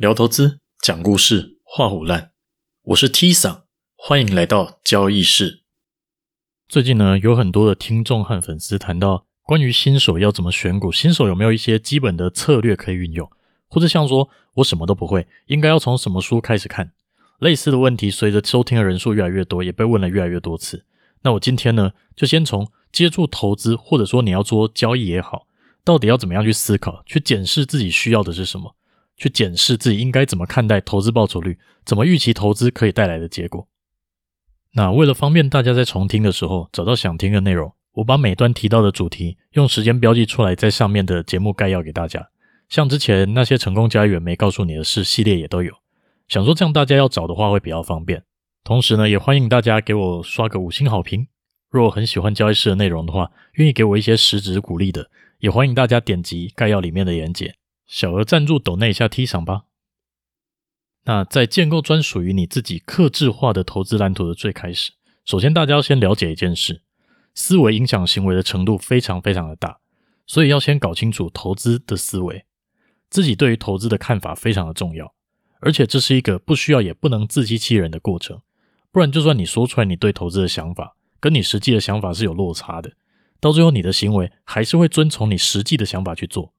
聊投資，講故事，話虎爛。我是 Tson，歡迎來到交易室。最近呢，有很多的聽眾和粉絲談到關於新手要怎麼選股，新手有沒有一些基本的策略可以運用，或者像說我什麼都不會，應該要從什麼書開始看？類似的問題，隨着收聽的人數越來越多，也被問了越來越多次。那我今天呢，就先從接觸投資，或者說你要做交易也好，到底要怎麼樣去思考，去檢視自己需要的是什麼？去檢視自己應該怎麼看待投資報酬率，怎麼預期投資可以帶來的結果。那為了方便大家在重聽的時候找到想聽的內容，我把每段提到的主題用時間標記出來，在上面的節目概要給大家。像之前那些成功交易員沒告訴你的事系列也都有。想說這樣大家要找的話會比較方便。同時呢，也歡迎大家給我刷個五星好評。若我很喜歡交易事的內容的話，願意給我一些實質鼓勵的，也歡迎大家點擊概要裡面的演解。小額贊助抖內一下 T 賞吧。那在建構專屬於你自己、客製化的投資藍圖的最開始，首先大家要先了解一件事：思維影響行為的程度非常非常的大。所以要先搞清楚投資的思維，自己對於投資的看法非常的重要。而且這是一個不需要也不能自欺欺人的過程。不然，就算你說出來你對投資的想法，跟你實際的想法是有落差的，到最後你的行為還是會遵從你實際的想法去做。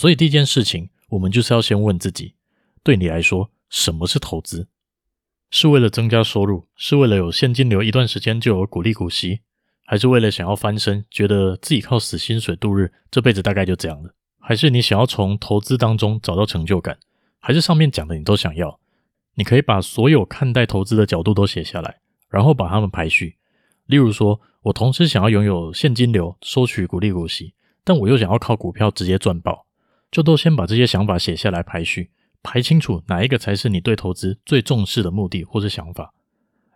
所以第一件事情，我們就是要先問自己：對你來說，什麼是投資？是為了增加收入，是為了有現金流，一段時間就有股利股息，還是為了想要翻身，覺得自己靠死薪水度日，這輩子大概就這樣了？還是你想要從投資當中找到成就感？還是上面講的你都想要？你可以把所有看待投資的角度都寫下來，然後把它們排序。例如說，我同時想要擁有現金流，收取股利股息，但我又想要靠股票直接賺爆。就都先把這些想法寫下來，排序排清楚哪一個才是你對投資最重視的目的或是想法，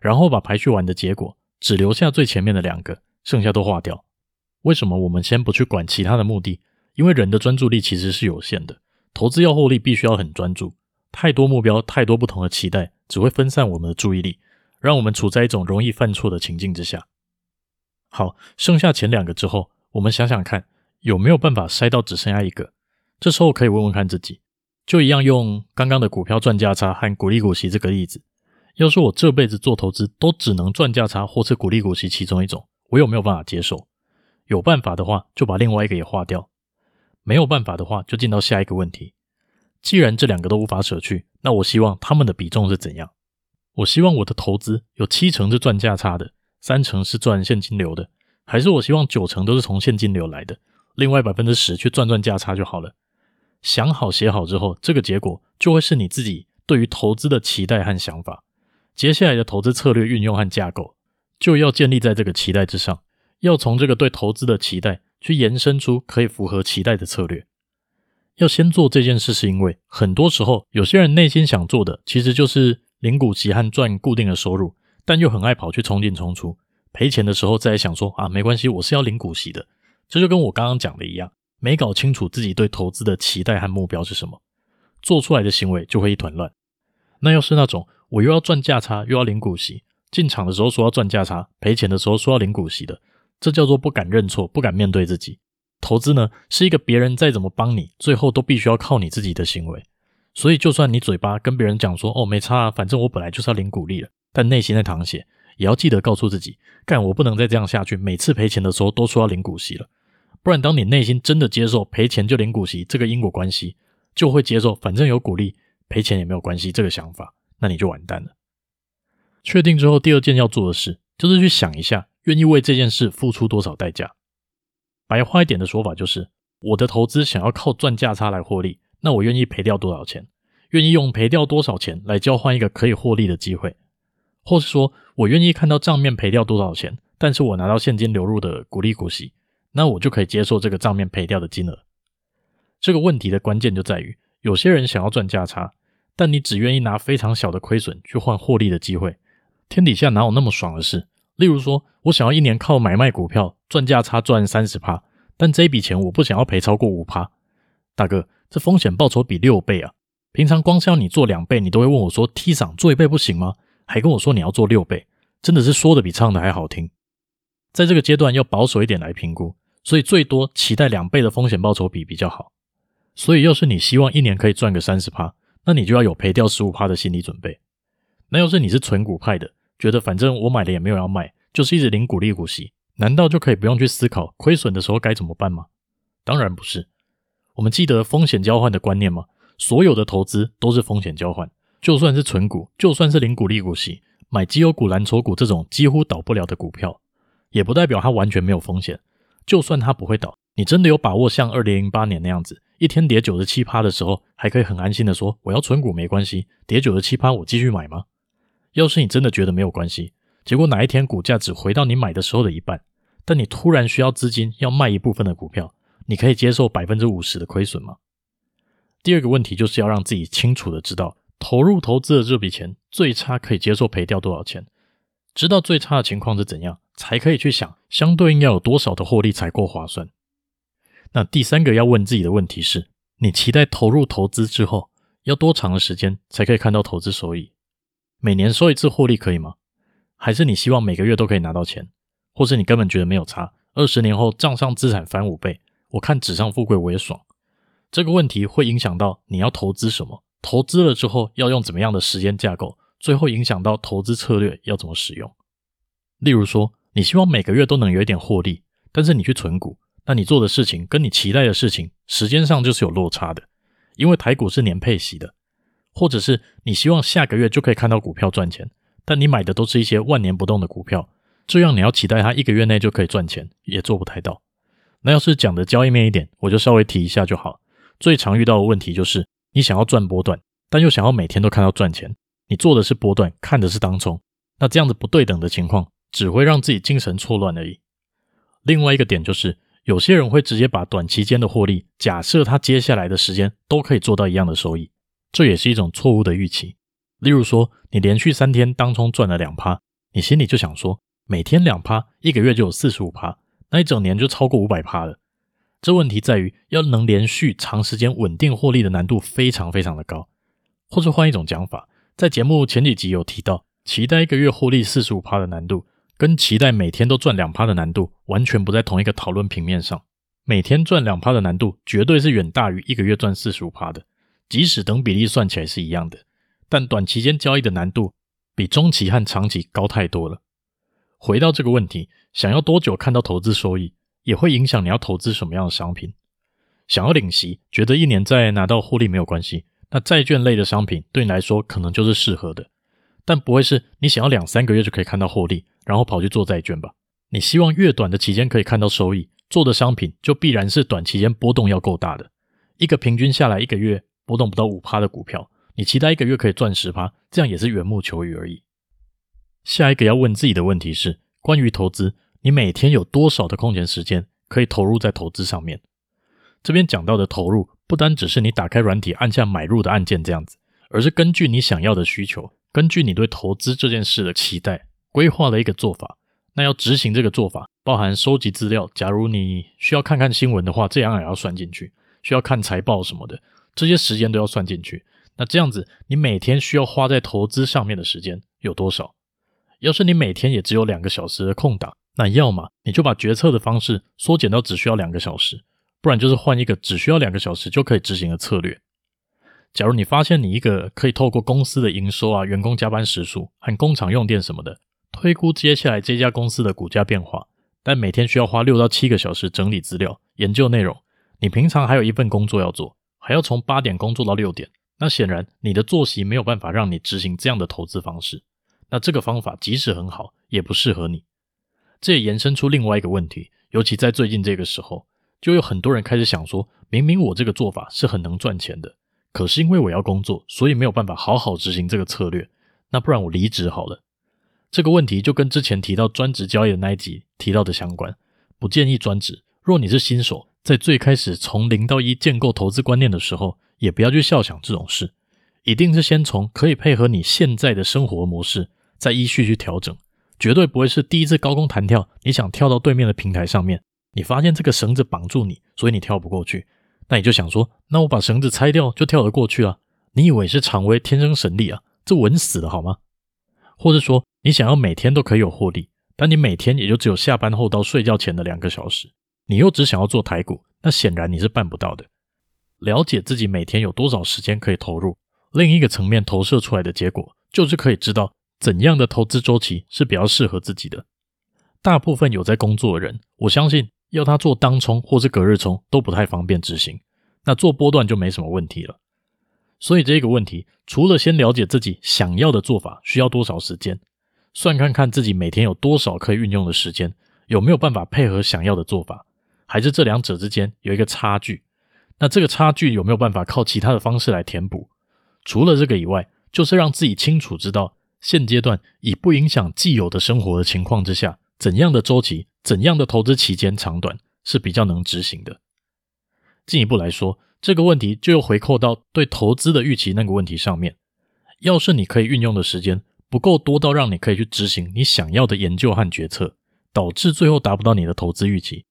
然後把排序完的結果只留下最前面的兩個，剩下都劃掉。為什麼我們先不去管其他的目的？因為人的專注力其實是有限的，投資要獲利必須要很專注，太多目標、太多不同的期待，只會分散我們的注意力，讓我們處在一種容易犯錯的情境之下。好，剩下前兩個之後，我們想想看有沒有辦法篩到只剩下一個。這時候可以問問看自己，就一樣用剛剛的股票賺價差和股利股息這個例子。要是我這輩子做投資都只能賺價差或是股利股息其中一種，我有沒有辦法接受？有辦法的話，就把另外一個也劃掉；沒有辦法的話，就進到下一個問題。既然這兩個都無法舍去，那我希望他們的比重是怎樣？我希望我的投資有七成是賺價差的，三成是賺現金流的，還是我希望九成都是從現金流來的，另外百分之十去賺賺價差就好了？想好寫好之後，這個結果就會是你自己對於投資的期待和想法。接下來的投資策略運用和架構，就要建立在這個期待之上。要從這個對投資的期待去延伸出可以符合期待的策略。要先做這件事，是因為很多時候有些人內心想做的其實就是領股息和賺固定的收入，但又很愛跑去衝進衝出，賠錢的時候再想說，啊，沒關係，我是要領股息的。這就跟我剛剛講的一樣。沒搞清楚自己對投資的期待和目標是什麼，做出來的行為就會一團亂。那要是那種我又要賺價差又要領股息，進場的時候說要賺價差，賠錢的時候說要領股息的，這叫做不敢認錯，不敢面對自己。投資呢是一個別人再怎麼幫你，最後都必須要靠你自己的行為。所以就算你嘴巴跟別人講說哦，沒差啊，反正我本來就是要領股利了，但內心在淌血，也要記得告訴自己，幹我不能再這樣下去，每次賠錢的時候都說要領股息了。不然，當你內心真的接受賠錢就領股息這個因果關係，就會接受反正有股利賠錢也沒有關係這個想法，那你就完蛋了。確定之後，第二件要做的事就是去想一下，願意為這件事付出多少代價。白話一點的說法就是，我的投資想要靠賺價差來獲利，那我願意賠掉多少錢？願意用賠掉多少錢來交換一個可以獲利的機會？或是說我願意看到賬面賠掉多少錢，但是我拿到現金流入的股利股息？那我就可以接受這個賬面賠掉的金額。這個問題的關鍵就在於，有些人想要賺價差，但你只願意拿非常小的虧損去換獲利的機會。天底下哪有那麼爽的事？例如說，我想要一年靠買賣股票賺價差賺三十趴，但這一筆錢我不想要賠超過五趴。大哥，這風險報酬比六倍啊！平常光是要你做兩倍，你都會問我說：“T 桑做一倍不行嗎？”還跟我說你要做六倍，真的是說的比唱的還好聽。在這個階段要保守一點來評估。所以最多期待兩倍的風險報酬比比較好。所以，要是你希望一年可以賺個三十趴，那你就要有賠掉十五趴的心理準備。那要是你是存股派的，覺得反正我買了也沒有要賣，就是一直領股利股息，難道就可以不用去思考虧損的時候該怎麼辦嗎？當然不是。我們記得風險交換的觀念嗎？所有的投資都是風險交換，就算是存股，就算是領股利股息，買績優股、藍籌股這種幾乎倒不了的股票，也不代表它完全沒有風險。就算它不會倒，你真的有把握像二零零八年那樣子，一天跌九十七趴的時候，還可以很安心的說，我要存股沒關係，跌九十七趴我繼續買嗎？要是你真的覺得沒有關係，結果哪一天股價只回到你買的時候的一半，但你突然需要資金要賣一部分的股票，你可以接受百分之五十的虧損嗎？第二個問題就是要讓自己清楚的知道，投入投資的這筆錢最差可以接受賠掉多少錢，知道最差的情況是怎樣？才可以去想相對應要有多少的獲利才夠划算。那第三個要問自己的問題是：你期待投入投資之後要多長的時間才可以看到投資收益？每年收一次獲利可以嗎？還是你希望每個月都可以拿到錢？或是你根本覺得沒有差？二十年後賬上資產翻五倍，我看紙上富貴我也爽。這個問題會影響到你要投資什麼，投資了之後要用怎麼樣的時間架構，最後影響到投資策略要怎麼使用。例如說。你希望每個月都能有一點獲利，但是你去存股，那你做的事情跟你期待的事情時間上就是有落差的，因為台股是年配息的，或者是你希望下個月就可以看到股票賺錢，但你買的都是一些萬年不動的股票，這樣你要期待它一個月內就可以賺錢，也做不太到。那要是講的交易面一點，我就稍微提一下就好。最常遇到的問題就是，你想要賺波段，但又想要每天都看到賺錢，你做的是波段，看的是當沖，那這樣子不對等的情況。只會讓自己精神錯亂而已。另外一個點就是，有些人會直接把短期間的獲利假設他接下來的時間都可以做到一樣的收益，這也是一種錯誤的預期。例如說，你連續三天當沖賺了兩趴，你心裡就想說，每天兩趴，一個月就有四十五趴，那一整年就超過五百趴了。這問題在於，要能連續長時間穩定獲利的難度非常非常的高。或者換一種講法，在節目前幾集有提到，期待一個月獲利四十五趴的難度。跟期待每天都賺兩趴的難度完全不在同一個討論平面上。每天賺兩趴的難度絕對是遠大於一個月賺四十五趴的。即使等比例算起來是一樣的，但短期間交易的難度比中期和長期高太多了。回到這個問題，想要多久看到投資收益，也會影響你要投資什麼樣的商品。想要領息，覺得一年再拿到獲利沒有關係，那債券類的商品對你來說可能就是適合的。但不會是你想要兩三個月就可以看到獲利，然後跑去做債券吧？你希望越短的期間可以看到收益，做的商品就必然是短期間波動要夠大的。一個平均下來一個月波動不到五趴的股票，你期待一個月可以賺十趴，這樣也是緣木求魚而已。下一個要問自己的問題是：關於投資，你每天有多少的空閒時間可以投入在投資上面？這邊講到的投入，不單只是你打開軟體按下買入的按鍵這樣子，而是根據你想要的需求。根據你對投資這件事的期待，規劃了一個做法。那要執行這個做法，包含收集資料。假如你需要看看新聞的話，這樣也要算進去。需要看財報什麼的，這些時間都要算進去。那這樣子，你每天需要花在投資上面的時間有多少？要是你每天也只有兩個小時的空檔，那要麼你就把決策的方式縮減到只需要兩個小時，不然就是換一個只需要兩個小時就可以執行的策略。假如你發現你一個可以透過公司的營收啊、員工加班時數和工廠用電什麼的，推估接下來這家公司的股價變化，但每天需要花六到七個小時整理資料、研究內容，你平常還有一份工作要做，還要從八點工作到六點，那顯然你的作息沒有辦法讓你執行這樣的投資方式。那這個方法即使很好，也不適合你。這也延伸出另外一個問題，尤其在最近這個時候，就有很多人開始想說，明明我這個做法是很能賺錢的。可是因為我要工作，所以沒有辦法好好執行這個策略。那不然我離職好了。這個問題就跟之前提到專職交易的那一集提到的相關。不建議專職。若你是新手，在最開始從零到一建構投資觀念的時候，也不要去肖想這種事。一定是先從可以配合你現在的生活模式，再依序去調整。絕對不會是第一次高空彈跳，你想跳到對面的平台上面，你發現這個繩子綁住你，所以你跳不過去。那你就想說，那我把繩子拆掉就跳得過去啊，你以為是常威天生神力啊？這穩死了好嗎？或者說，你想要每天都可以有獲利，但你每天也就只有下班後到睡覺前的兩個小時，你又只想要做台股，那顯然你是辦不到的。了解自己每天有多少時間可以投入，另一個層面投射出來的結果，就是可以知道怎樣的投資週期是比較適合自己的。大部分有在工作的人，我相信。要他做當沖或是隔日沖都不太方便執行，那做波段就沒什麼問題了。所以這個問題，除了先了解自己想要的做法需要多少時間，算看看自己每天有多少可以運用的時間，有沒有辦法配合想要的做法，還是這兩者之間有一個差距？那這個差距有沒有辦法靠其他的方式來填補？除了這個以外，就是讓自己清楚知道現階段以不影響既有的生活的情況之下，怎樣的周期。怎樣的投資期間長短是比較能執行的？進一步來說，這個問題就又回扣到對投資的預期那個問題上面。要是你可以運用的時間不夠多到讓你可以去執行你想要的研究和決策，導致最後達不到你的投資預期，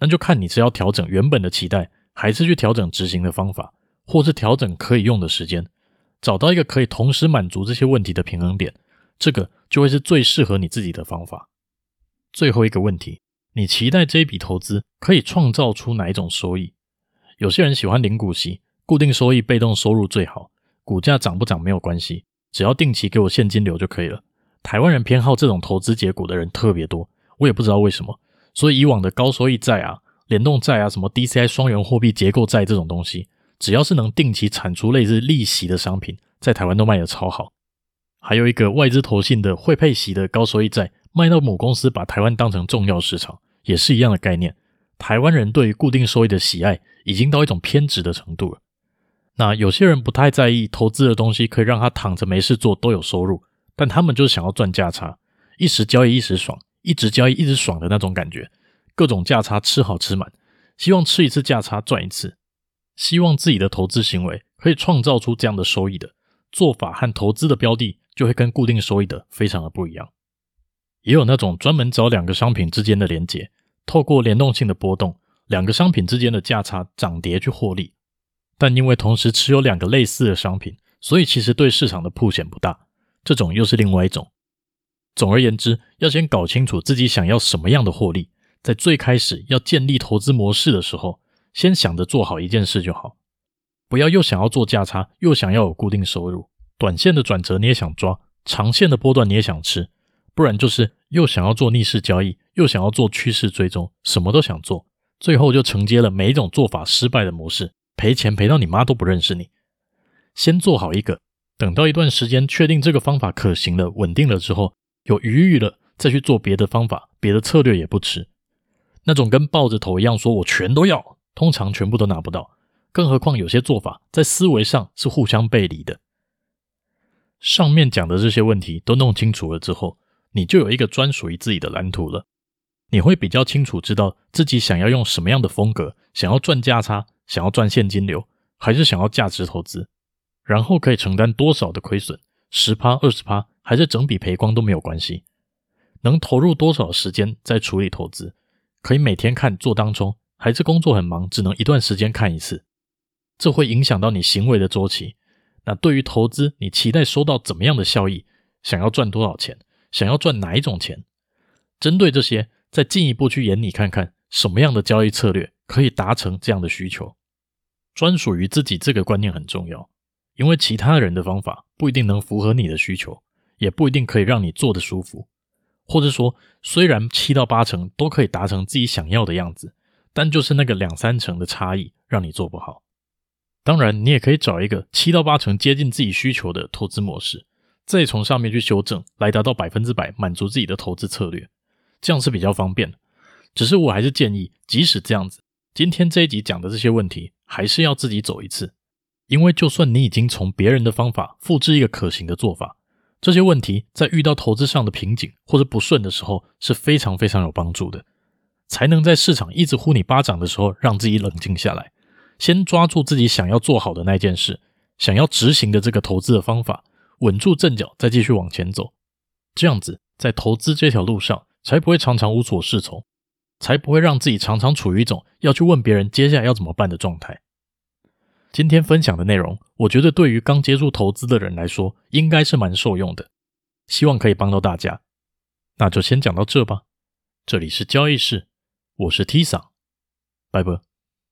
那就看你是要調整原本的期待，還是去調整執行的方法，或是調整可以用的時間，找到一個可以同時滿足這些問題的平衡點，這個就會是最適合你自己的方法。最後一個問題，你期待這筆投資可以創造出哪一種收益？有些人喜歡零股息、固定收益、被動收入最好，股價漲不漲沒有關係，只要定期給我現金流就可以了。台灣人偏好這種投資結果的人特別多，我也不知道為什麼。所以以往的高收益債啊、聯動債啊、什麼 DCI 雙元貨幣結構債這種東西，只要是能定期產出類似利息的商品，在台灣都賣得超好。還有一個外資投信的會配息的高收益債。麥到母公司把台灣當成重要市場，也是一樣的概念。台灣人對於固定收益的喜愛，已經到一種偏執的程度了。那有些人不太在意投資的東西，可以讓他躺着沒事做都有收入，但他們就是想要賺價差，一時交易一時爽，一直交易一直爽的那種感覺。各種價差吃好吃滿，希望吃一次價差賺一次，希望自己的投資行為可以創造出這樣的收益的，做法和投資的標的就會跟固定收益的非常的不一樣。也有那種專門找兩個商品之間的連接，透過聯動性的波動，兩個商品之間的價差漲跌去獲利，但因為同時持有兩個類似的商品，所以其實對市場的曝險不大。這種又是另外一種。總而言之，要先搞清楚自己想要什麼樣的獲利，在最開始要建立投資模式的時候，先想着做好一件事就好，不要又想要做價差，又想要有固定收入，短線的轉折你也想抓，長線的波段你也想吃，不然就是。又想要做逆勢交易，又想要做趨勢追蹤，什麼都想做，最後就承接了每一種做法失敗的模式，賠錢賠到你媽都不認識你。先做好一個，等到一段時間確定這個方法可行了、穩定了之後，有餘裕了，再去做別的方法、別的策略也不遲。那種跟抱着頭一樣說“我全都要”，通常全部都拿不到，更何況有些做法在思維上是互相背離的。上面講的這些問題都弄清楚了之後。你就有一個專屬於自己的藍圖了，你會比較清楚知道自己想要用什麼樣的風格，想要賺價差，想要賺現金流，還是想要價值投資，然後可以承擔多少的虧損，十趴、二十趴，還是整筆賠光都沒有關係。能投入多少時間在處理投資，可以每天看做當中，還是工作很忙，只能一段時間看一次，這會影響到你行為的周期。那對於投資，你期待收到怎麼樣的效益，想要賺多少錢？想要賺哪一種錢？針對這些，再進一步去研擬看看什麼樣的交易策略可以達成這樣的需求。專屬於自己這個觀念很重要，因為其他人的方法不一定能符合你的需求，也不一定可以讓你做得舒服。或者說，雖然七到八成都可以達成自己想要的樣子，但就是那個兩三成的差異讓你做不好。當然，你也可以找一個七到八成接近自己需求的投資模式。再從上面去修正，來達到百分之百滿足自己的投資策略，這樣是比較方便的。只是我還是建議，即使這樣子，今天這一集講的這些問題，還是要自己走一次。因為就算你已經從別人的方法複製一個可行的做法，這些問題在遇到投資上的瓶頸或者不順的時候，是非常非常有幫助的，才能在市場一直呼你巴掌的時候，讓自己冷靜下來，先抓住自己想要做好的那件事，想要執行的這個投資的方法。穩住陣腳，再繼續往前走，這樣子在投資這條路上才不會常常無所適從，才不會讓自己常常處於一種要去問別人接下來要怎麼辦的狀態。今天分享的內容，我覺得對於剛接觸投資的人來說，應該是蠻受用的，希望可以幫到大家。那就先講到這吧。這裡是交易事，我是 Tisa，拜拜。